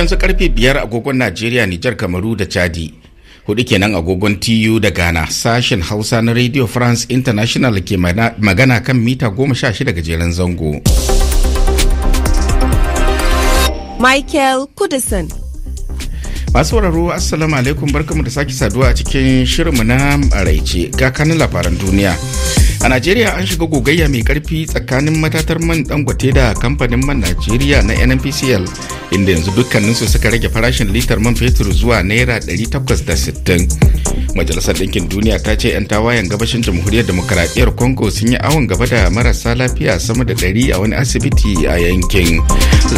yanzu karfe biyar agogon Najeriya, Nijar, Kamaru da Chadi. Hudu kenan agogon TU da Ghana sashen Hausa na Radio France International ke magana kan mita goma sha shida gajeren zango. Michael Kudison. Masu wararo Assalamu alaikum barkamu da sake saduwa a cikin mu na maraice ga kanin labaran duniya. a najeriya an shiga gogayya mai karfi tsakanin matatar man dangote da kamfanin man najeriya na nnpcl inda yanzu dukkaninsu suka rage farashin litar man fetur zuwa naira 860 majalisar ɗinkin duniya ta ce 'yan tawayen gabashin jamhuriyar demokaradiyyar congo sun yi awon gaba da marasa lafiya sama da 100 a wani asibiti a yankin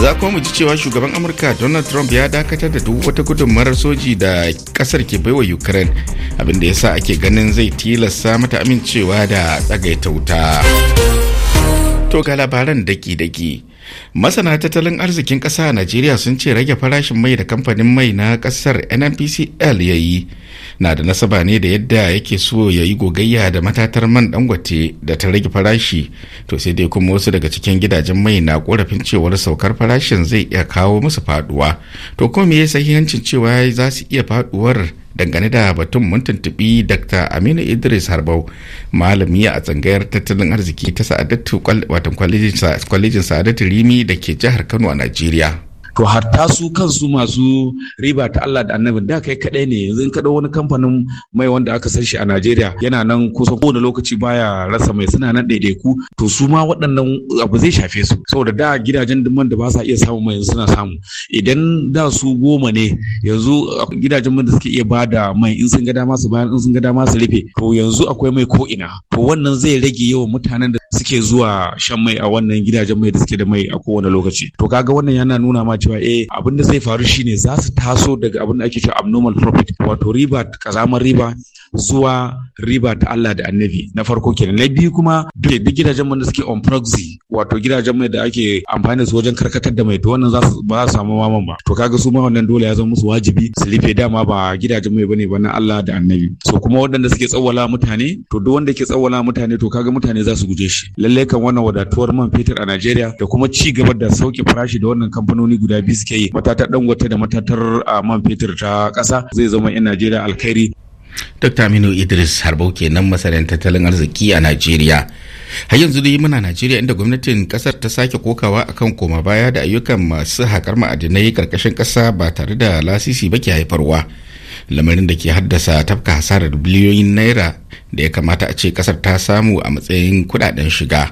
za kuma mu ji cewa shugaban amurka donald trump ya dakatar da duk wata gudunmawar soji da kasar ke baiwa ukraine abinda yasa ake ganin zai tilasta mata amincewa da tsagaita wuta. To ga labaran daki-daki. Masana tattalin arzikin ƙasa a Najeriya sun ce rage farashin mai da kamfanin mai na ƙasar NNPCL ya yi na da nasaba ne da yadda yake so ya yi gogayya da matatar man dangote da ta rage farashi to sai dai kuma wasu daga cikin gidajen mai na korafin cewar saukar farashin zai iya kawo musu faduwa to kuma me ya sahihancin cewa za su iya faduwar dangane da batun mun tuntubi dr aminu idris harbau malami a tsangayar tattalin arziki ta sa'adatu kwalejin sa'adatu rimi da ke jihar kano a najeriya to hatta su kansu masu riba ta Allah da annabin da kai kadai ne yanzu in wani kamfanin mai wanda aka san shi a Najeriya yana nan kusan kowane lokaci baya rasa mai suna nan daidaiku to su ma waɗannan abu zai shafe su saboda da gidajen dumman da ba sa iya samun mai suna samu idan da su goma ne yanzu gidajen man da suke iya bada mai in sun ga dama su bayan in sun ga dama su rufe to yanzu akwai mai ko ina to wannan zai rage yawan mutanen da suke zuwa shan mai a wannan gidajen mai da suke da mai a kowane lokaci to kaga wannan yana nuna ma cewa eh abin da zai faru shine za su taso daga abin da ake cewa abnormal profit wato riba kazamar riba zuwa riba ta Allah da annabi na farko kenan na biyu kuma duk gidajen mai da suke on proxy wato gidajen mai da ake amfani da su wajen karkatar da mai to wannan za su ba su samu maman ba to kaga su ma wannan dole ya zama musu wajibi su rufe dama ba gidajen mai bane ba na Allah da annabi so kuma waɗanda suke tsawwala mutane to duk wanda ke tsawwala mutane to kaga mutane za su guje shi farashi lallai kan wannan wadatuwar man fetur a Najeriya da kuma ci gaba da sauke farashi da wannan kamfanoni guda biyu suke yi matatar dangote da matatar ah, man fetur ta ƙasa zai zama 'yan Najeriya alkhairi Dr. Aminu Idris Harbau kenan masarin tattalin arziki a Najeriya. Har yanzu dai muna Najeriya inda gwamnatin kasar ta sake kokawa akan koma baya da ayyukan masu haƙar ma'adinai karkashin ƙasa ba tare da lasisi ba ke haifarwa. lamarin da ke haddasa tafka hasarar biliyoyin naira da ya kamata a ce kasar ta samu a matsayin kudaden shiga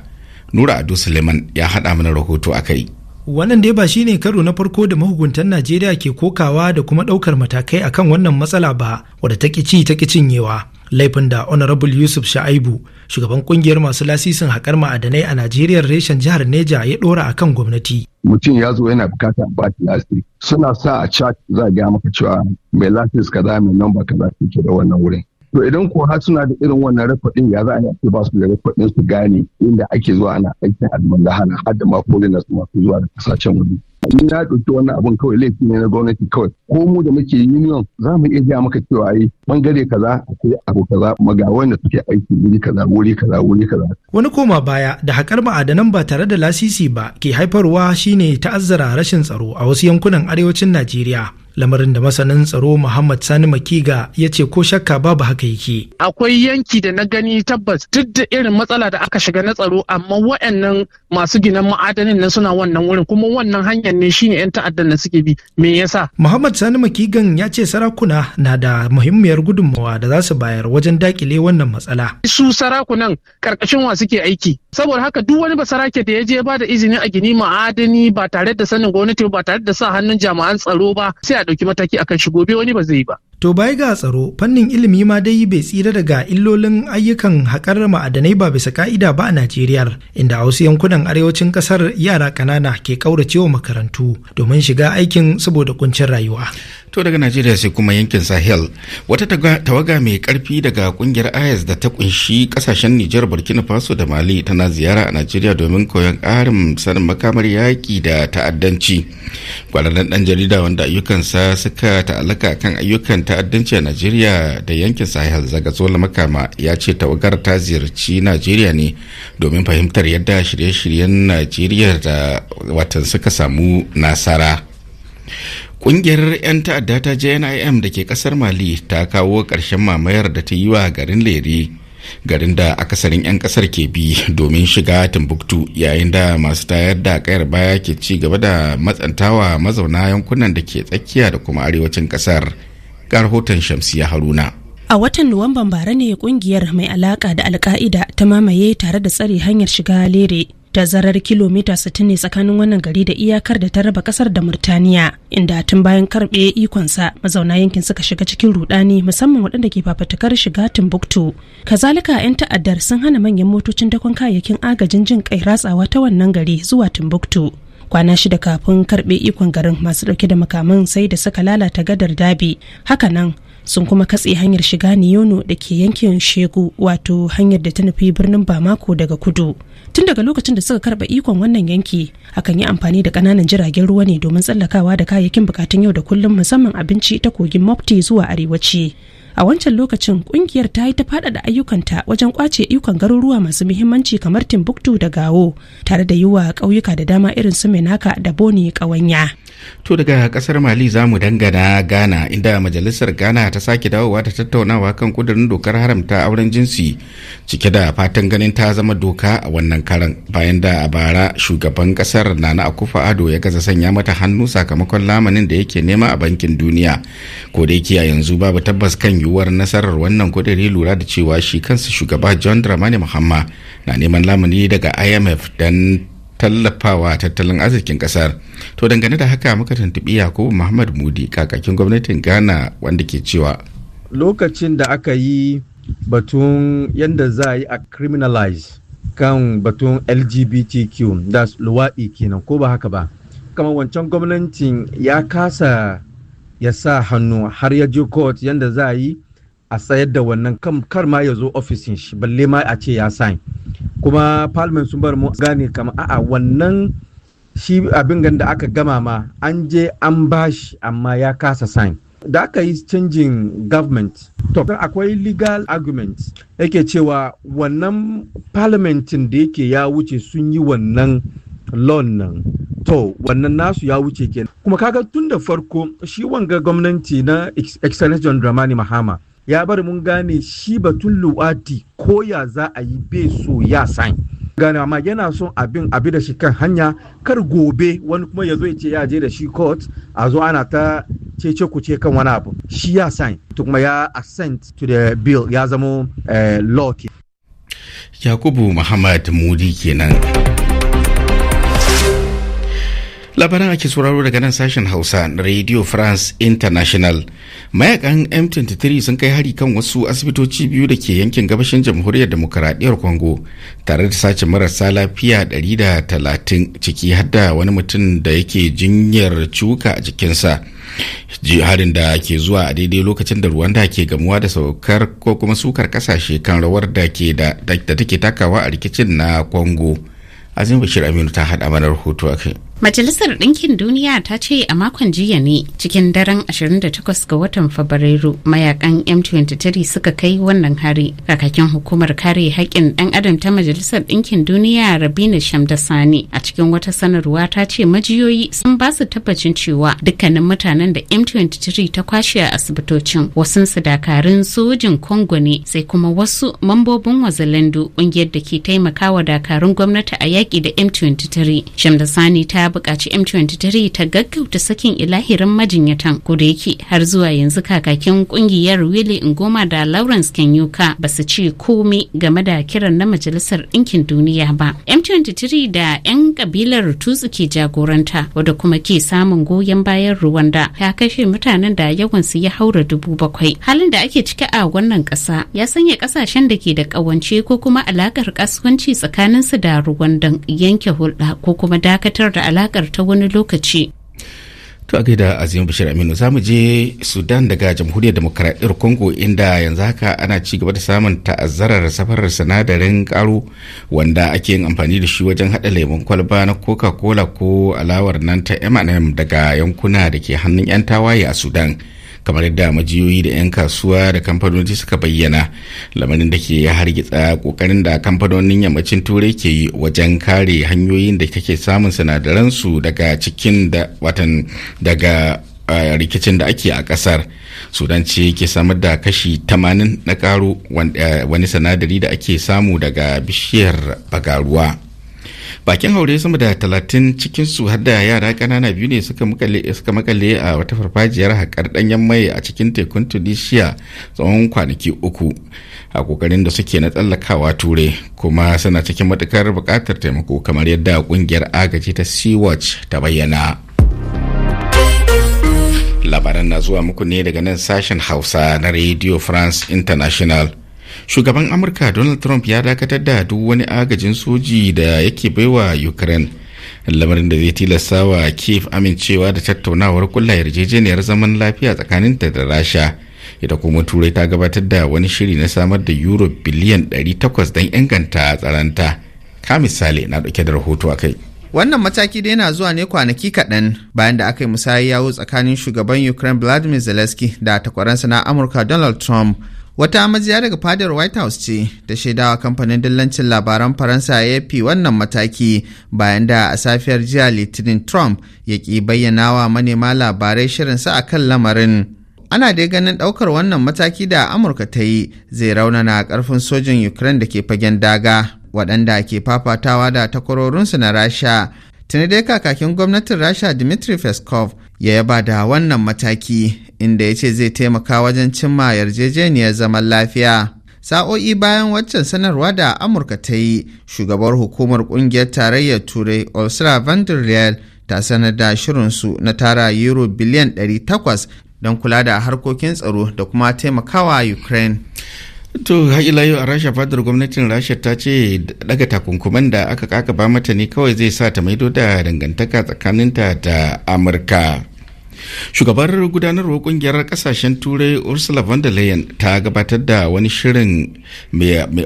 nura ado suleiman ya haɗa mana rahoto a kai wannan dai ba shine karo na farko da mahukuntan najeriya ke kokawa da kuma ɗaukar matakai akan wannan matsala ba wadda ta ci ta cinyewa laifin da honorable yusuf sha'aibu shugaban kungiyar masu lasisin haƙar ma'adanai a najeriya reshen jihar neja ya ɗora a kan gwamnati mutum ya zo yana bukatar ba lasi suna sa a chat za a gaya maka cewa mai lasis kaza mai nomba kaza ke da wannan wurin To idan ko har suna da irin wannan rafaɗin ya za a yi ba su da rafaɗin su gane inda ake zuwa ana aikin hana har da ma su masu zuwa da kasashen waje. Ni na ɗauki wannan abin kawai laifi ne na gwamnati kawai ko mu da muke union za mu iya gaya maka cewa ai bangare kaza akwai abu kaza kuma ga wanda suke aiki wuri kaza wuri kaza wuri kaza wani koma baya da haƙar ma'adanan ba tare da lasisi ba ke haifarwa shine ta'azzara rashin tsaro a wasu yankunan arewacin Najeriya lamarin da masanin tsaro Muhammad Sani Makiga ya ce ko shakka babu haka yake. Akwai yanki da na gani tabbas duk da irin matsala da aka shiga na tsaro amma wa'annan masu ginan ma'adanin nan suna wannan wurin kuma wannan hanyar ne shine 'yan ta'addan da suke bi me yasa. Muhammad Sani Makigan ya ce sarakuna na da muhimmiyar gudunmawa da za su bayar wajen dakile wannan matsala. Su sarakunan karkashin wa suke aiki saboda haka duk wani basarake da ya je ba da izini a gini ma'adani ba tare da sanin gwamnati ba tare da sa hannun jami'an tsaro ba sai ɗauki mataki akan shi gobe wani ba zai yi ba To baya ga tsaro fannin ilimi ma dai bai tsira daga illolin ayyukan haƙar ma'adanai ba bisa ka'ida ba a Najeriya inda a wasu yankunan arewacin ƙasar yara kanana ke ƙauracewa makarantu domin shiga aikin saboda kuncin rayuwa. To daga Najeriya sai kuma yankin Sahel wata tawaga mai karfi daga ƙungiyar IS da ta kunshi ƙasashen Nijar Burkina Faso da Mali tana ziyara a Najeriya domin koyon ƙarin sanin makamar yaƙi da ta'addanci. Kwararren ɗan jarida wanda ayyukansa suka ta'allaka kan ayyukan ta'addanci a najeriya da yankin sahel zagazola makama ya ce tawagar ta ziyarci najeriya ne domin fahimtar yadda shirye-shiryen najeriya da watan suka samu nasara Ƙungiyar 'yan ta'adda ta JNIM da ke kasar Mali ta kawo ƙarshen mamayar da ta yi wa garin Lere, garin da akasarin 'yan kasar ke bi domin shiga Timbuktu yayin da masu tayar da kayar baya ke ci gaba da matsantawa mazauna yankunan da ke tsakiya da kuma arewacin kasar. ga rahoton Shamsiya Haruna. A watan Nuwamban bara ne kungiyar mai alaka da Alka'ida ta mamaye tare da tsare hanyar shiga lere. zarar kilomita 60 ne tsakanin wannan gari da iyakar da ta raba kasar da Murtaniya inda tun bayan karbe ikonsa mazauna yankin suka shiga cikin rudani musamman waɗanda ke fafatakar shiga Timbuktu kazalika 'yan ta'addar sun hana manyan motocin dakon kayayyakin agajin jin kai ratsawa ta wannan gari zuwa Timbuktu kwana shida kafin karbe ikon garin masu dauke da makaman sai da suka lalata gadar dabi haka nan sun kuma katse hanyar shiga niyono da ke yankin shegu wato hanyar da ta nufi birnin bamako daga kudu tun daga lokacin da suka karba ikon wannan yanki akan yi amfani da kananan jiragen ruwa ne domin tsallakawa da kayayyakin bukatun yau da kullum musamman abinci ta kogin mopti zuwa arewaci a wancan lokacin kungiyar ta yi ta faɗaɗa ayyukanta wajen kwace ikon garuruwa masu muhimmanci kamar timbuktu da gawo tare da yi wa ƙauyuka da dama irin su menaka da boni ƙawanya To daga kasar Mali za mu dangana Ghana inda majalisar Ghana ta sake dawowa ta tattaunawa kan kudirin dokar haramta auren jinsi cike da fatan ganin ta zama doka a wannan karan bayan da a bara shugaban kasar Nana Akufa Ado ya gaza sanya mata hannu sakamakon lamanin da yake nema a bankin duniya. Ko da yake a yanzu babu tabbas kan yiwuwar nasarar wannan kudiri lura da cewa shi kansa shugaba John Dramani Mahama na neman lamani daga IMF dan. tallafawa tattalin arzikin kasar to dangane da haka muka tuntubi yakubu muhammad mudi kakakin gwamnatin ghana wanda ke cewa lokacin da aka yi batun yadda za a yi a criminalize kan batun lgbtq da luwaɗi kenan ko ba haka ba kamar wancan gwamnatin ya kasa ya sa hannu har ya je court yadda za a yi a tsayar da wannan kar ma ya zo ofishin shi balle ma a ce ya sign kuma parliament sun bar mu gane kama a'a wannan shi abin gan da aka gama ma an je an bashi amma ya kasa sign da aka yi canjin government to akwai legal argument yake cewa wannan parliamentin da yake ya wuce sun yi wannan loan nan to wannan nasu ya wuce kenan kuma kaga tun da farko shi wanga gwamnati na ex excellence john dramani mahama ya bari mun gane shi batun luwati ko ya za a yi bai so ya san gane amma yana son abin abi da shi kan hanya kar gobe wani kuma ya zo ya ce ya je da shi court a zo ana ta cece ku ce kan wani abu shi ya sign to kuma ya assent to the bill ya zama eh, law ke yakubu muhammad mudi kenan labaran ake sauraro daga nan sashen hausa na radio france international mayakan m23 sun kai hari kan wasu asibitoci biyu da ke yankin gabashin jamhuriyar demokaradiyyar congo tare da sace marasa lafiya 130 ciki hadda wani mutum da yake jinyar cuka a jikinsa harin da ke zuwa a daidai lokacin da ruwan rwanda ke gamuwa da saukar ko kuma sukar kasashe kan rawar da take takawa a rikicin na Kongo, azim bashir aminu ta haɗa mana rahoto a kai Majalisar Ɗinkin Duniya ta ce a makon jiya ne cikin daren 28 ga watan Fabrairu mayakan M23 suka kai wannan hari. Kakakin hukumar kare haƙƙin ɗan adam ta Majalisar Ɗinkin Duniya Rabina Sani a cikin wata sanarwa ta ce majiyoyi sun ba su tabbacin cewa dukkanin mutanen da M23 ta kwashe a asibitocin wasun su dakarun sojin Congo ne sai kuma wasu mambobin wazalandu ƙungiyar da ke taimakawa dakarun gwamnati a yaƙi da M23. Sani ta ya buƙaci M23 ta gaggauta sakin ilahirin majinyatan ko da har zuwa yanzu kakakin kungiyar Willy Ngoma da Lawrence Kenyuka ba su ce komai game da kiran na Majalisar Ɗinkin Duniya ba. M23 da 'yan kabilar Tutsi ke jagoranta wadda kuma ke samun goyon bayan Rwanda ya kashe mutanen da yawan su ya haura dubu bakwai. Halin da ake ciki a wannan ƙasa ya sanya ƙasashen da ke da ƙawance ko kuma alaƙar kasuwanci tsakaninsu da Rwanda yanke hulɗa ko kuma dakatar da alaƙar alakar ta wani lokaci to a gaida azimu bashir aminu za mu je sudan daga jamhuriyar demokaradiyyar congo inda yanzu haka ana ci gaba da samun ta'azzarar safarar sinadarin karo wanda ake yin amfani da shi wajen haɗa lemon kwalba na coca-cola ko alawar nan ta m&m daga yankuna da ke hannun 'yan tawaye a sudan kamar yadda majiyoyi da 'yan kasuwa da kamfanoni suka bayyana lamarin da ke hargitsa kokarin da kamfanonin yammacin turai ke yi wajen kare hanyoyin da kake samun su daga cikin da watan daga rikicin da ake a kasar sudan ce ke samar da kashi 80 na karo wani sinadari da ake samu daga bishiyar bagaruwa. bakin haure sama da talatin cikin su har da yara kanana biyu ne suka makale a wata farfajiyar haƙar ɗanyen mai a cikin tekun tunisia tsawon kwanaki uku a ƙoƙarin da suke na tsallakawa ture kuma suna cikin matukar buƙatar taimako kamar yadda ƙungiyar agaji ta sea-watch ta bayyana labaran na zuwa muku ne daga nan sashen hausa na radio france international shugaban amurka donald trump ya dakatar da duk wani agajin soji da yake baiwa ukraine lamarin da zai tilasta wa kiev amincewa da tattaunawar kulla yarjejeniyar zaman lafiya tsakanin ta da rasha ita kuma turai ta gabatar da wani shiri na samar da euro biliyan 800 don inganta tsaranta ka misali na dauke da rahoto a kai wannan mataki da yana zuwa ne kwanaki kaɗan bayan da aka yi musayar yawo tsakanin shugaban ukraine vladimir zelensky da takwaransa na amurka donald trump Wata amajiya daga fadar White House ce ta shaidawa kamfanin dillancin labaran Faransa ya yafi wannan mataki bayan da a safiyar jiya Litinin Trump ya ki bayyana wa manema labarai shirinsa a kan lamarin. Ana dai ganin ɗaukar wannan mataki da Amurka ta yi zai raunana ƙarfin sojin Ukraine da ke fagen daga waɗanda ke fafatawa da takwarorinsu na Rasha. Tuni dai kakakin gwamnatin Rasha Dmitry Peskov ya yaba da wannan mataki inda ya ce zai taimaka wajen cimma yarjejeniyar zaman lafiya. Sa'o'i bayan waccan sanarwa da Amurka ta yi, shugabar hukumar kungiyar tarayyar Turai Ursula von der Leyen ta sanar da shirinsu na tara euro biliyan 800 don kula da harkokin tsaro da kuma taimakawa Ukraine. to haƙila yau a rasha fadar gwamnatin rasha ta ce daga takunkuman da aka kakaba mata ne kawai zai sa ta maido da dangantaka tsakaninta da amurka shugabar gudanarwa kungiyar kasashen turai ursula von der leyen ta gabatar da wani shirin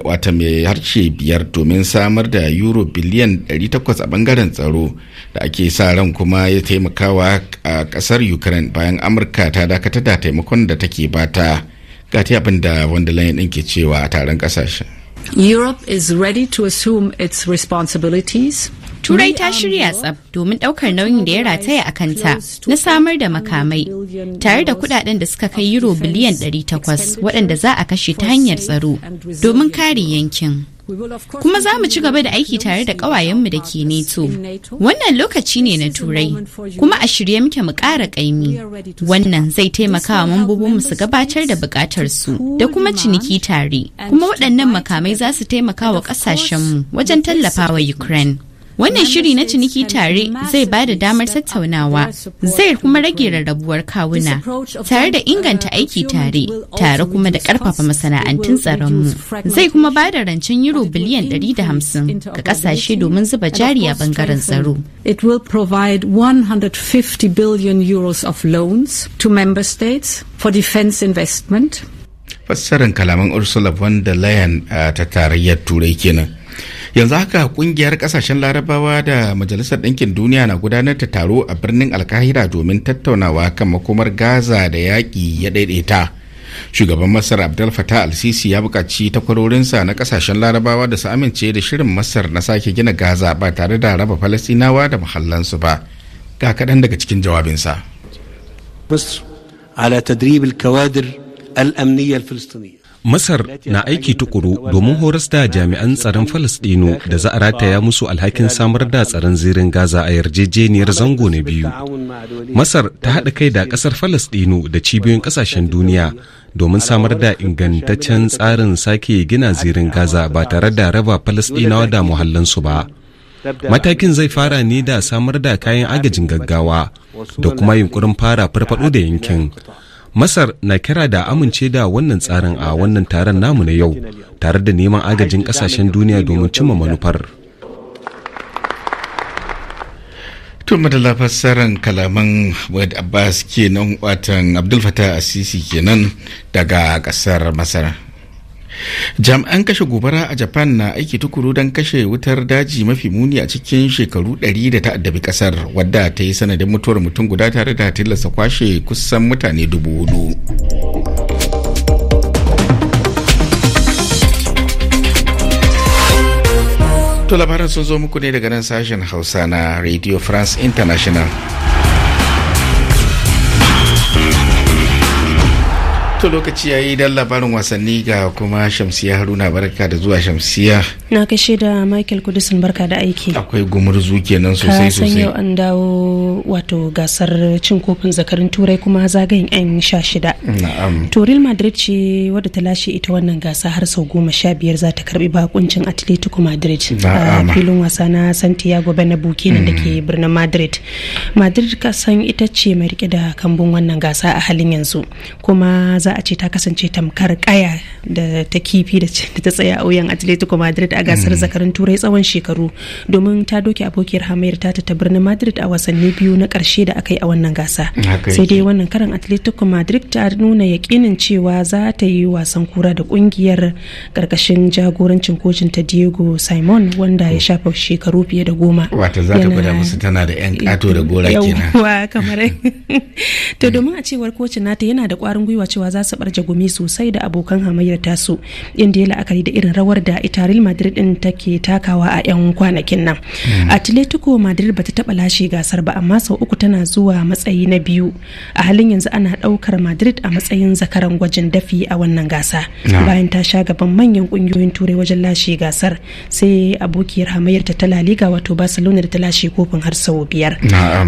wata mai harshe biyar domin samar da euro biliyan 800 a bangaren tsaro da ake sa ran kuma ya taimakawa a kasar ukraine bayan amurka ta dakatar da taimakon da take bata ta abin da wanda layin din ke cewa a taron ƙasashen. Europe is ready to assume its responsibilities. Turai ta shirya tsab domin ɗaukar nauyin da ya rataya a kanta na samar da makamai tare da kudaden da suka kai euro biliyan 800 waɗanda za a kashe ta hanyar tsaro domin kare yankin. Kuma za mu ci gaba da aiki tare da ƙawayenmu da ke NATO. Wannan lokaci ne na Turai, kuma a shirye muke mu ƙara ƙaimi. Wannan zai taimaka wa mambobinmu su gabatar da buƙatarsu da kuma ciniki tare. Kuma waɗannan makamai za su taimaka wa ƙasashenmu wajen tallafa wa Ukraine. Wannan shiri na ciniki tare zai ba da damar tattaunawa, zai kuma rage rarrabuwar kawuna, tare da uh, inganta aiki tare, tare kuma da ƙarfafa masana'antun tsaronmu. Zai kuma ba da rancen euro biliyan 150 ga ƙasashe domin zuba jari a bangaren tsaro. It will provide 150 billion euros of loans to member states for defense investment. Fassarar kalaman Ursula von der Leyen uh, ta tarayyar Turai kenan. yanzu haka kungiyar kasashen larabawa da majalisar ɗinkin duniya na gudanar da taro a birnin alkahira domin tattaunawa kan makomar gaza da yaƙi ya daidaita shugaban masar abdul fata al-sisi ya buƙaci takwarorinsa na kasashen larabawa da su amince da shirin masar na sake gina gaza ba tare da raba falastinawa da muhallansu ba ga kaɗan daga cikin jawabinsa Al'a على تدريب الكوادر الأمنية الفلسطينية Masar na aiki tukuru domin horas da jami'an tsaron Falasɗinu da za a rataya musu alhakin samar da tsaron zirin Gaza a yarjejeniyar zango na biyu. Masar ta haɗa kai da ƙasar Falasɗinu da cibiyoyin ƙasashen duniya domin samar da ingantaccen tsarin sake gina zirin Gaza ba tare da raba Falasɗinawa da muhallansu ba. matakin zai fara ne da samar da kayan agajin gaggawa da kuma yunkurin fara farfado da yankin masar na kira da amince da wannan tsarin a wannan taron namu na yau tare da neman agajin kasashen duniya domin cimma manufar tun madalla fassarar kalaman wad abbas kenan watan abdul fatah asisi kenan daga kasar masar jami'an kashe gobara a japan na aiki tukuru don kashe wutar daji mafi muni a cikin shekaru 100 da ta addabi kasar wadda ta yi sanadin mutuwar mutum guda tare da tilasta kwashe kusan mutane dubu hudu to labaran sun zo muku ne daga nan sashen hausa na radio france international to lokaci yi dan labarin wasanni ga kuma shamsiya haruna barka da zuwa shamsiya na kashe da michael kudusun barka da aiki akwai gumurzu nan sosai sosai san yau an dawo wato gasar cin kofin zakarin turai kuma zagayen yan sha shida na'am to real madrid ce wadda ta lashe ita wannan gasa har sau goma sha biyar za ta karbi bakuncin atletico madrid a filin wasa na santiago bernabeu kenan da ke mm. birnin madrid madrid kasan ita ce mai rike da kambun wannan gasa a halin yanzu kuma za a ce ta kasance tamkar kaya da ta kifi da ta tsaya a wuyan atletico madrid a gasar mm-hmm. zakarin turai tsawon shekaru domin ta doke abokiyar hamayar ta ta birnin madrid a wasanni biyu na karshe da aka yi a wannan gasa sai dai wannan karan atletico madrid ta nuna yakinin cewa za ta yi wasan kura da kungiyar karkashin jagorancin kocin ta diego simon wanda ya shafa shekaru fiye da goma wata za ta musu tana da yan kato da gora domin a cewar kocin nata yana da kwarin gwiwa cewa za su barje gumi sosai da abokan hamayyar tasu inda ya la'akari da irin rawar da ita Real Madrid din take takawa a 'yan kwanakin nan. Hmm. Atletico Madrid bata taba lashe gasar ba amma sau uku tana zuwa matsayi na biyu. A halin yanzu ana daukar Madrid a matsayin zakaran gwajin dafi a wannan gasa. Bayan ta sha gaban manyan kungiyoyin turai wajen lashe gasar sai abokiyar hamayyar ta La Liga wato Barcelona da ta lashe kofin har sau biyar.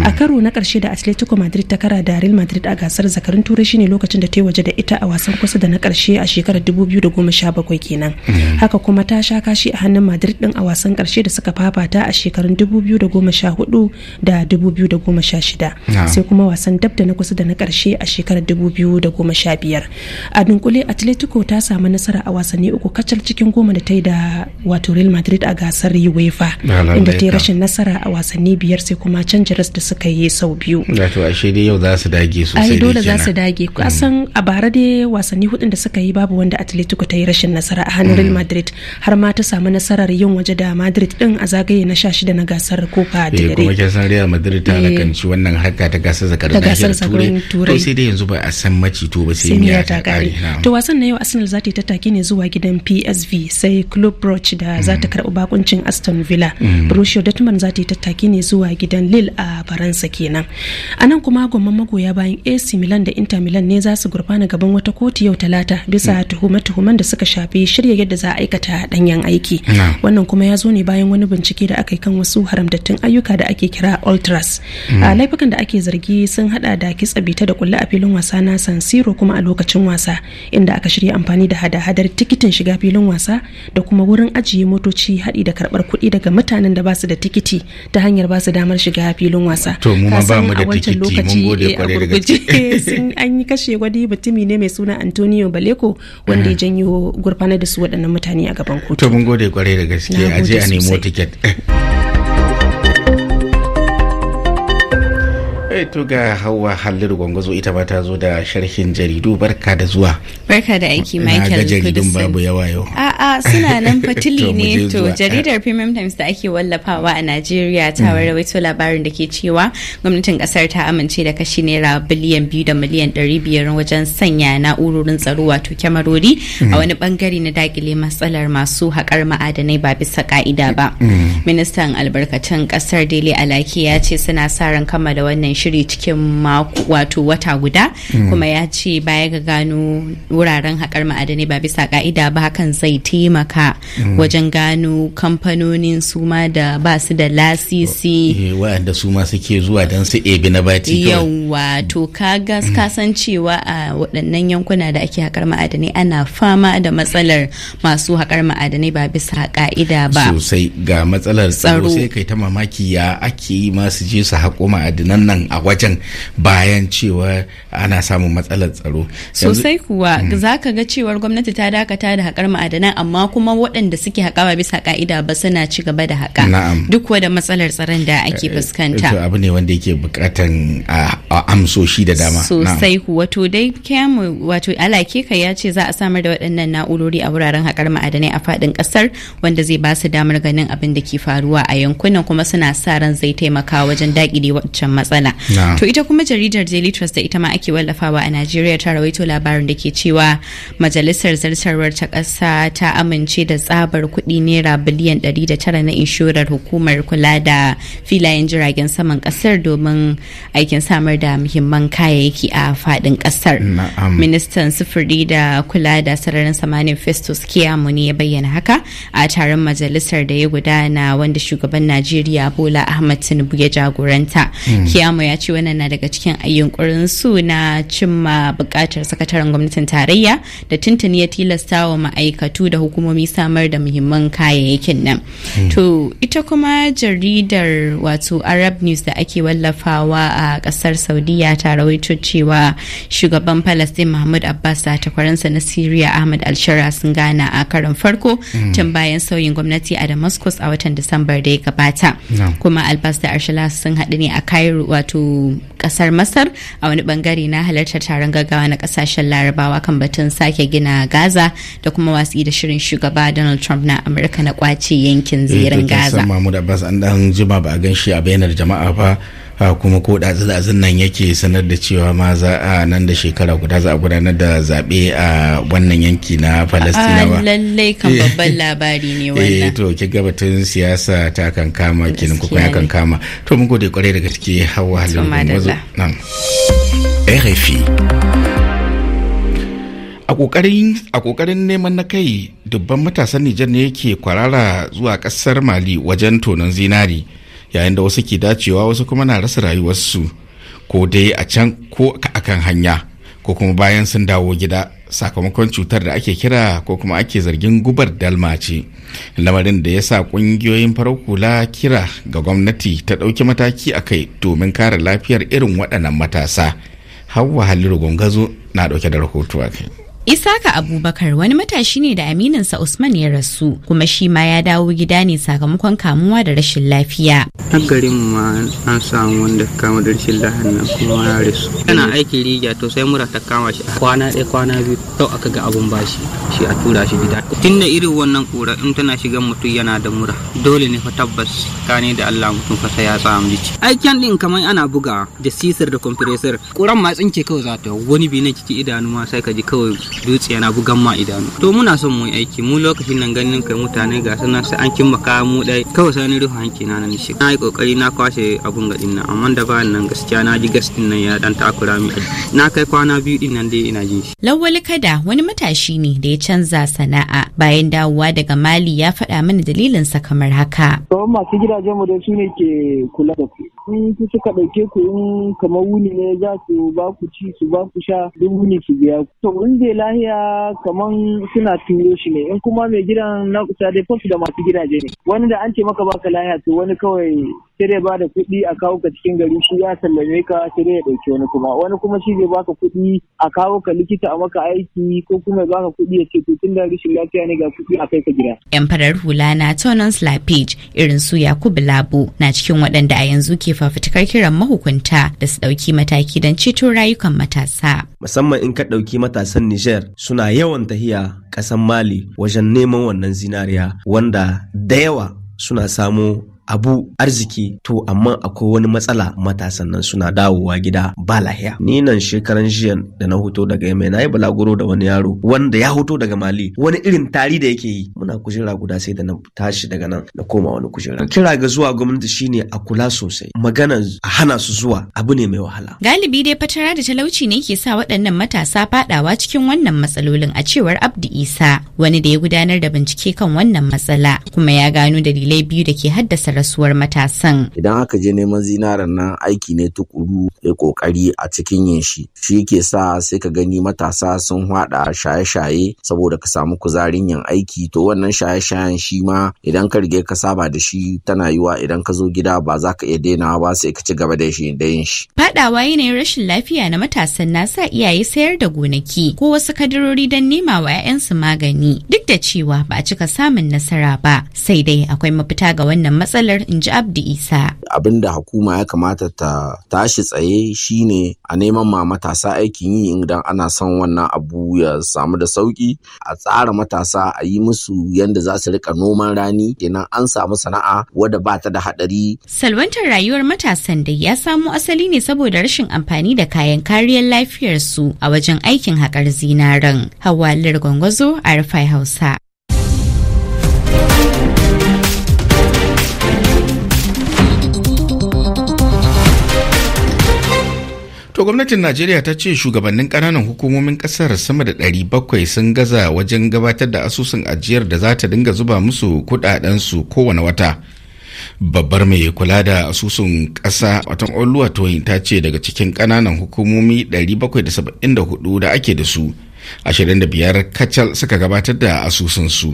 A karo na karshe da Atletico Madrid ta kara da Real Madrid a gasar zakarun turai shine lokacin da ta waje da ita a wasan kusa da na karshe a shekarar 2017 kenan haka kuma ta sha kashi a hannun madrid din a wasan karshe da suka fafata a shekarun 2014 da 2016 sai kuma wasan dab da na kusa da na karshe a shekarar 2015 a dunkule atletico ta samu nasara a wasanni uku kacal cikin goma da ta yi da wato real madrid a gasar uefa inda ta yi rashin nasara a wasanni biyar sai kuma canjaras da suka yi sau biyu wato ashe dai yau za su dage sosai dole za su dage kasan a bara bara dai wasanni hudun da suka yi babu wanda atletico ta yi rashin nasara a hannun real mm. madrid har ma ta samu nasarar yin waje da madrid din a zagaye na 16 na gasar copa del eh, rey kuma kin san real madrid ta eh. lakanci wannan haka ta gasar zakar nahiyar turai to sai dai yanzu ba a san macito ba sai miya ta kare to wasan na yau arsenal za ta yi tattaki ne zuwa gidan psv sai club brugge da za ta mm. karbi bakuncin aston villa mm. borussia dortmund za ta yi tattaki ne zuwa gidan lille a faransa kenan a nan kuma gwamman magoya bayan ac milan da inter milan ne za su gurfana ga gaban wata kotu yau talata bisa hmm. tuhume-tuhumen da suka shafi shirya yadda za a aikata danyen aiki wannan kuma ya zo ne bayan wani bincike da aka yi kan wasu haramdattun ayyuka da ake kira ultras hmm. a laifukan da ake zargi sun hada da kitsa bita da kulle a filin wasa na san siro kuma a lokacin wasa inda aka shirya amfani da hada-hadar tikitin shiga filin wasa da kuma wurin ajiye motoci haɗi da karbar kuɗi daga mutanen da basu da tikiti ta hanyar basu damar shiga filin wasa to mu ma ba mu da tikiti mun gode kwarai eh, da gaske an yi kashe wani mutumi ne mai suna antonio baleko wanda ya mhm. janyo gurfanar da su waɗannan mutane a gaban kotu to mun gode kwarai da gaske a je a nemo tiket Eh, to ga hawa halliru gwangwazo ita ba ta zo da sharhin jaridu barka da zuwa barka da aiki michael jaridun babu yawa yau a a suna nan fatili ne to jaridar eh. premium times da ake wallafawa a najeriya ta mm. rawaito labarin da ke cewa gwamnatin kasar ta amince da kashi naira biliyan biyu da miliyan ɗari biyar wajen sanya na'urorin tsaro wato kyamarori a mm. wani bangare na dakile matsalar masu haƙar ma'adanai ba bisa ka'ida ba mm. ministan albarkatun kasar dele alaki ya ce suna sa ran kammala wannan shi. cire cikin wato wata guda hmm. kuma ya ce baya ga gano wuraren haƙar ma'adanai ba bisa ka'ida ba hakan zai taimaka hmm. wajen gano kamfanonin suma da ba su da lasisi oh, eh, wa'anda su ma suke zuwa don su ebi na bati yawa to ka hmm. kasan cewa a waɗannan yankuna da ake haƙar ma'adanai ana fama da matsalar masu haƙar ma'adanai ba bisa ka'ida ba sosai ga matsalar tsaro sai kai ta mamaki ya ake yi masu je su haƙo ma'adanan nan a a wajen bayan cewa ana samun matsalar tsaro sosai kuwa hmm. za ka ga cewar gwamnati ta dakata da haƙar ma'adanan amma kuma waɗanda suke haƙa bisa ƙa'ida ba suna ci gaba da haƙa duk wada matsalar tsaron da ake eh, fuskanta ito abu ne wanda yake buƙatan amsoshi da dama sosai kuwa to dai kyamu wato alake ka ya ce za a samar da waɗannan na'urori a wuraren haƙar ma'adanai a faɗin ƙasar wanda zai ba su damar ganin abin da ke faruwa a yankunan kuma suna sa ran zai taimaka wajen daƙile waccan matsala to ita kuma jaridar daily trust da ita ma ake wallafawa a najeriya ta rawaito labarin da ke cewa majalisar zartarwar ta ƙasa ta amince da tsabar kuɗi naira biliyan 109 na inshorar hukumar kula da filayen jiragen saman ƙasar domin aikin samar da muhimman kayayyaki a faɗin ƙasar ministan sufuri da kula da sararin samanin festus kiyamu ne ya bayyana haka a taron majalisar da ya gudana wanda shugaban najeriya bola ahmad tinubu ya jagoranta hmm. kiyamu ya ce wannan na daga cikin yunkurin su na cimma bukatar sakataren gwamnatin tarayya da tuntuni ya tilasta wa ma'aikatu da hukumomi samar da muhimman kayayyakin nan hmm. to ita kuma jaridar wato arab news da ake wallafawa a kasar saudiya ta rawaito cewa shugaban palestine mahmud abbas da takwaransa na syria ahmad shara sun gana a karon farko hmm. tun bayan sauyin gwamnati a damascus a watan disambar da ya gabata kuma albas da arshala sun haɗu ne a cairo wato wato kasar masar a wani bangare na halarta taron gaggawa na kasashen larabawa kan batun sake gina gaza da kuma watsi da shirin shugaba donald trump na amurka na kwace yankin eh, zirin gaza abbas an jima ba a ganshi a bayanar jama'a ba kuma ko ɗazazazin nan yake sanar da cewa ma za a nan da shekara guda za a gudanar da zaɓe a wannan yanki na ba. Ah, lallai kan eh. babban labari ne wannan eh, to ki gabatun siyasa ta kan kama kenan kuka ya kan kama to mun gode kwarai daga gaske hawa halin RFI a kokarin neman na kai dubban matasan Nijar ne yake kwarara zuwa kasar Mali wajen tonon zinari yayin da wasu ke dacewa wasu kuma na rasa rayuwarsu ko dai a can ko a kan hanya ko kuma bayan sun dawo gida sakamakon cutar da ake kira ko kuma ake zargin gubar dalma ce lamarin da ya sa kungiyoyin farar kira ga gwamnati ta ɗauki mataki a kai domin kare lafiyar irin waɗannan matasa hawa halin gongazo na ɗauke da rahoto a kai Isaka Abubakar wani matashi ne da aminansa Usman ya rasu kuma shi ma ya dawo gida ne sakamakon kamuwa da rashin lafiya. A garin ma an samu wanda kama da rashin lafiya nan kuma ya rasu. Yana aikin riga to sai mura ta kama shi kwana ɗaya kwana biyu kawai aka ga abun bashi shi a tura shi gida. Tun da irin wannan kura in tana shigan mutum yana da mura dole ne fa tabbas kane da Allah mutum fa sai ya samu jiki. Aikin ɗin kamar ana buga da sisir da kwamfiresar kuran ma tsinke kawai za ta wani bi na kiki idanu ma sai ka ji kawai dutse yana bugan ma idanu to muna son mu aiki mu lokacin nan ganin kai mutane ga sunan sai an kimba kaya mu dai kawai sai ni ruhu hanki na nan shi na yi kokari na kwashe abun gadin nan amma da bayan nan gaskiya na ji gas din nan ya dan takura mi na kai kwana biyu din nan dai ina ji shi lawwali kada wani matashi ne da ya canza sana'a bayan dawowa daga mali ya faɗa mana dalilin sa kamar haka to masu gidajen mu da su ne ke kula da in su suka ɗauke ku in kamar wuni ne za su ba ku ci su ba ku sha duk wuni su biya ku to in zai lahiya kamar suna turo shi ne in kuma mai gidan na kusa dai da masu gidaje ne wani da an ce maka baka lahiya to wani kawai sai dai bada kuɗi a kawo ka cikin gari shi ya sallame ka sai dai ya ɗauki wani kuma wani kuma shi zai baka kuɗi a kawo ka likita a maka aiki ko kuma ya baka kuɗi ya ce to tun da rashin lafiya ne ga kuɗi a kai ka gida. yan farar hula na tonon slapage irin su yakubu labu na cikin waɗanda a yanzu ke fafutukar kiran mahukunta da su ɗauki mataki don ceto rayukan matasa. musamman in ka ɗauki matasan niger suna yawan tahiya ƙasan mali wajen neman wannan zinariya wanda da yawa suna samo abu arziki to amma akwai wani matsala matasan nan suna dawowa gida ba lahiya ni nan shekaran jiya da na hoto daga yamai na yi balaguro da wani yaro wanda ya huto daga mali wani irin tari da yake yi muna kujera guda sai da na tashi daga nan na koma wani kujera kira ga zuwa gwamnati shine a kula sosai magana a hana su zuwa abu ne mai wahala galibi dai fatara da talauci ne ke sa waɗannan matasa fadawa cikin wannan matsalolin a cewar abdi isa wani da ya gudanar da bincike kan wannan matsala kuma ya gano dalilai biyu da ke haddasa rasuwar matasan. Idan aka je neman zinaren nan aiki ne tukuru ya kokari a cikin yin shi. Shi ke sa sai ka gani matasa sun haɗa shaye-shaye saboda ka samu kuzarin yin aiki to wannan shaye-shayen shi ma idan ka rige ka saba da shi tana yiwa idan ka zo gida ba za ka iya daina ba sai ka ci gaba da shi da yin shi. Faɗawa yanayin rashin lafiya na matasan na sa iyaye sayar da gonaki ko wasu kadarori don nema wa 'ya'yansu magani duk da cewa ba a cika samun nasara ba sai dai akwai mafita ga wannan matsala in ji abdi isa abin da hukuma ya kamata ta tashi tsaye shine a neman ma matasa aikin yi idan ana son wannan abu ya samu da sauki a tsara matasa a yi musu yadda za su rika noman rani kenan an samu sana'a wadda ba ta da hadari salwantar rayuwar matasan dai ya samo asali ne saboda rashin amfani da kayan kariyar su a wajen aikin haƙar zinaren hawa lir a rufai hausa To gwamnatin Najeriya ta ce shugabannin ƙananan hukumomin ƙasar sama da ɗari bakwai sun gaza wajen gabatar da asusun ajiyar da za ta dinga zuba musu su kowane wata. babbar mai kula da asusun ƙasa watan oluwatoyin ta ce daga cikin ƙananan hukumomi 774 da ake da su 25 kacal suka gabatar da asusunsu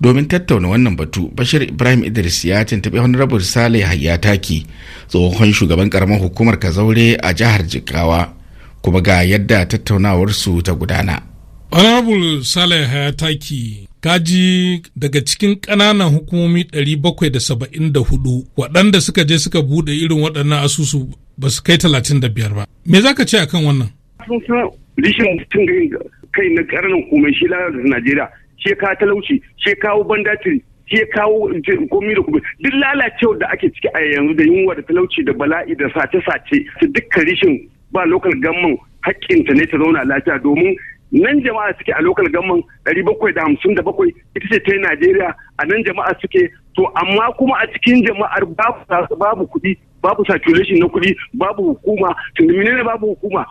domin tattauna wannan batu bashir ibrahim idris ya tuntuɓi honorable saleh hayataki tsohon shugaban karamar hukumar kazaure a jihar jigawa kuma ga yadda tattaunawarsu ta gudana honorable saleh hayataki kaji daga cikin ƙananan hukumomi 774 waɗanda suka je suka buɗe irin waɗannan asusu ba su kai 35 ba me za ka ce akan wannan kai na karnin komai shi lalata Najeriya shi kawo talauci shi kawo bandaci shi kawo komi da kuma duk lalacewa da ake ciki a yanzu da yunwa da talauci da bala'i da sace-sace su dukkan rishin ba lokal gamman haƙƙinta ne ta zauna lafiya domin nan jama'a suke a lokal gamman ɗari bakwai da hamsin da bakwai ita ce ta yi Najeriya a nan jama'a suke to amma kuma a cikin jama'ar babu kuɗi babu saturation na kuɗi babu hukuma to menene babu hukuma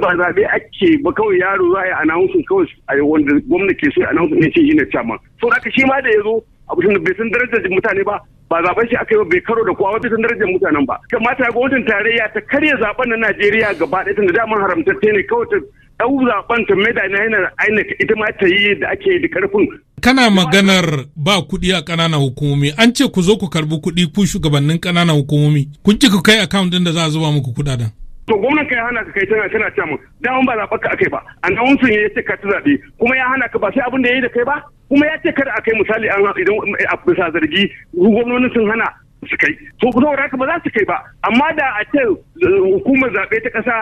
ba zaɓe ake ba kawai yaro za a yi anawunsun kawai wanda gwamna ke so ya anawunsun ne ce shi ne caman so da shi ma da ya zo kusan da bai san darajar mutane ba ba zaɓen shi aka yi bai karo da kowa bai san darajar mutanen ba kamata gwamnatin tarayya ta karya zaɓen na Najeriya gaba ɗaya tunda daman haramtattai ne kawai ta ɗau zaɓen ta mai da aina ka ita ma ta yi da ake da karfin Kana maganar ba kuɗi a ƙananan hukumomi an ce ku zo ku karbi kuɗi ku shugabannin ƙananan hukumomi kun ki ku kai akawun ɗin da za a zuba muku kuɗaɗen. to gwamnan ka ya hana ka kai tana tana ce da dawon ba zaɓar ka akai ba annabin sun ya ce ka ta zaɓe kuma ya hana ka ba sai abin da ya yi da kai ba kuma ya ce kada a kai misali an idan eh, a bisa zargi gwamnonin sun hana su kai to saboda ka ba za su kai ba amma da a ce eh, hukumar zaɓe ta ƙasa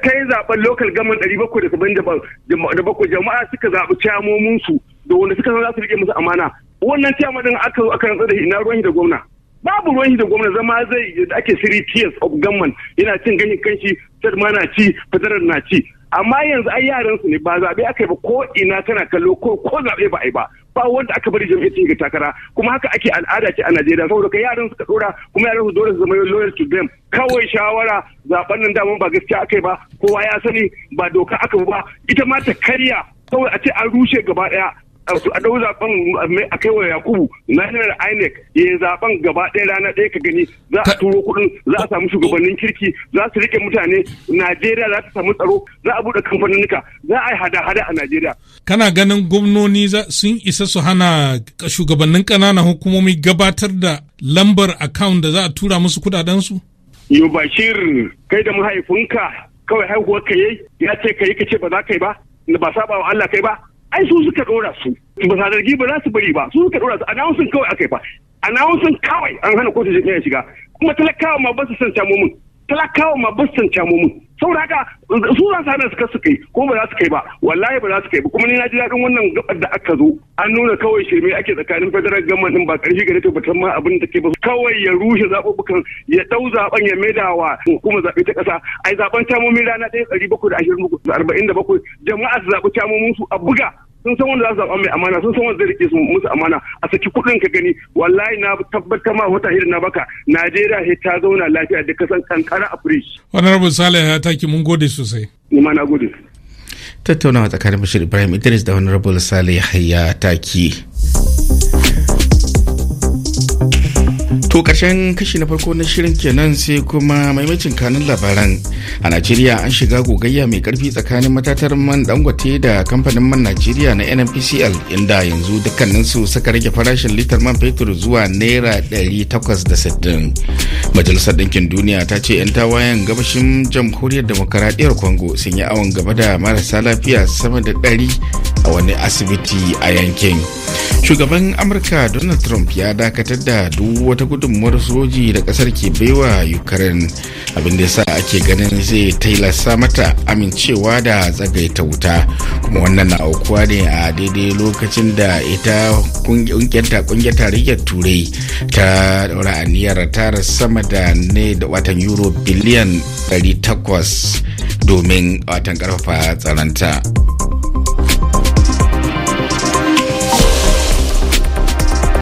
kai zaɓen local government ɗari bakwai da saba'in da bakwai jama'a suka zaɓi ciyamomin su da wanda suka san za su riƙe musu amana wannan ciyaman aka aka rantsa da ina ruwan da gwamna babu ruwan shi da gwamna zama zai da ake siri tears of gamman yana cin gashin kanshi sat ma na ci fitarar na ci amma yanzu ai yaran su ne ba zabe aka yi ba ko ina kana kallo ko ko zabe ba ai ba ba wanda aka bari jam'iyyar ga takara kuma haka ake al'ada ce a Najeriya saboda kai yaran su ka dora kuma yaran su dole su zama loyal to them kawai shawara zaben nan daman ba gaskiya aka yi ba kowa ya sani ba doka aka ba ita ma ta karya kawai a ce an rushe gaba daya a dau zaben a kai wa yakubu nahirar inec ya zaben gaba ɗaya rana ɗaya ka gani za a turo kuɗin za a samu shugabannin kirki za su rike mutane najeriya za ta samu tsaro za a buɗe kamfaninnika za a yi hada-hada a najeriya kana ganin gwamnoni sun isa su hana shugabannin ƙananan hukumomi gabatar da lambar account da za a tura musu kuɗaɗensu? yo bashir kai da mahaifinka kawai haihuwar ka yi ya ce ka yi ka ce ba za ka yi ba ba saba wa allah kai ba ai su suka dora su ba sa zargi ba za su bari ba su suka dora su announcing kawai akai fa announcing kawai an hana kotu ya shiga kuma talakawa ma ba su san mun talakawa ma ba su san mun saboda haka su za su hana su kasu kai ko ba za su kai ba wallahi ba za su kai ba kuma ni na ji daɗin wannan gabar da aka zo an nuna kawai shirme ake tsakanin federal government ɗin ba ƙarshe gare ta batan ma abin da ke ba kawai ya rushe zaɓuɓɓukan ya ɗau zaɓen ya maida wa hukumar zaɓe ta ƙasa ai zaɓen camomin rana ɗaya ɗari bakwai da ashirin da arba'in da bakwai jama'a su zaɓi camomin su a buga sun san wanda za su zaɓa mai amana sun san wanda zai rike su musu amana a saki kuɗin ka gani wallahi na tabbatar ma wata hidin na baka Najeriya sai ta zauna lafiya da kasan kankara a firish. rabin Saleh ya taki mun gode sosai. Ni ma na gode. Tattaunawa tsakanin Bashir Ibrahim Idris da wani rabin Saleh ya Taki. To karshen kashi na farko na shirin kenan sai kuma maimacin kanun labaran. A Najeriya an shiga gogayya mai karfi tsakanin matatar man dangote da kamfanin man Najeriya na NNPCL inda yanzu su suka rage farashin litar man fetur zuwa naira 860. Majalisar Ɗinkin Duniya ta ce 'yan tawayen gabashin jamhuriyar demokaradiyyar Congo sun yi awon gaba da marasa lafiya sama da ɗari a wani asibiti a yankin shugaban amurka donald trump ya dakatar da duk wata gudunmuwar soji da kasar ke baiwa ukraine Abin abinda sa ake ganin zai tilasta mata amincewa da tsagaita wuta kuma wannan na aukuwa ne a daidai lokacin da ita kungiyar tarayyar turai ta daura aniyar tara sama da ne da watan euro biliyan 800 domin watan karfafa tsaranta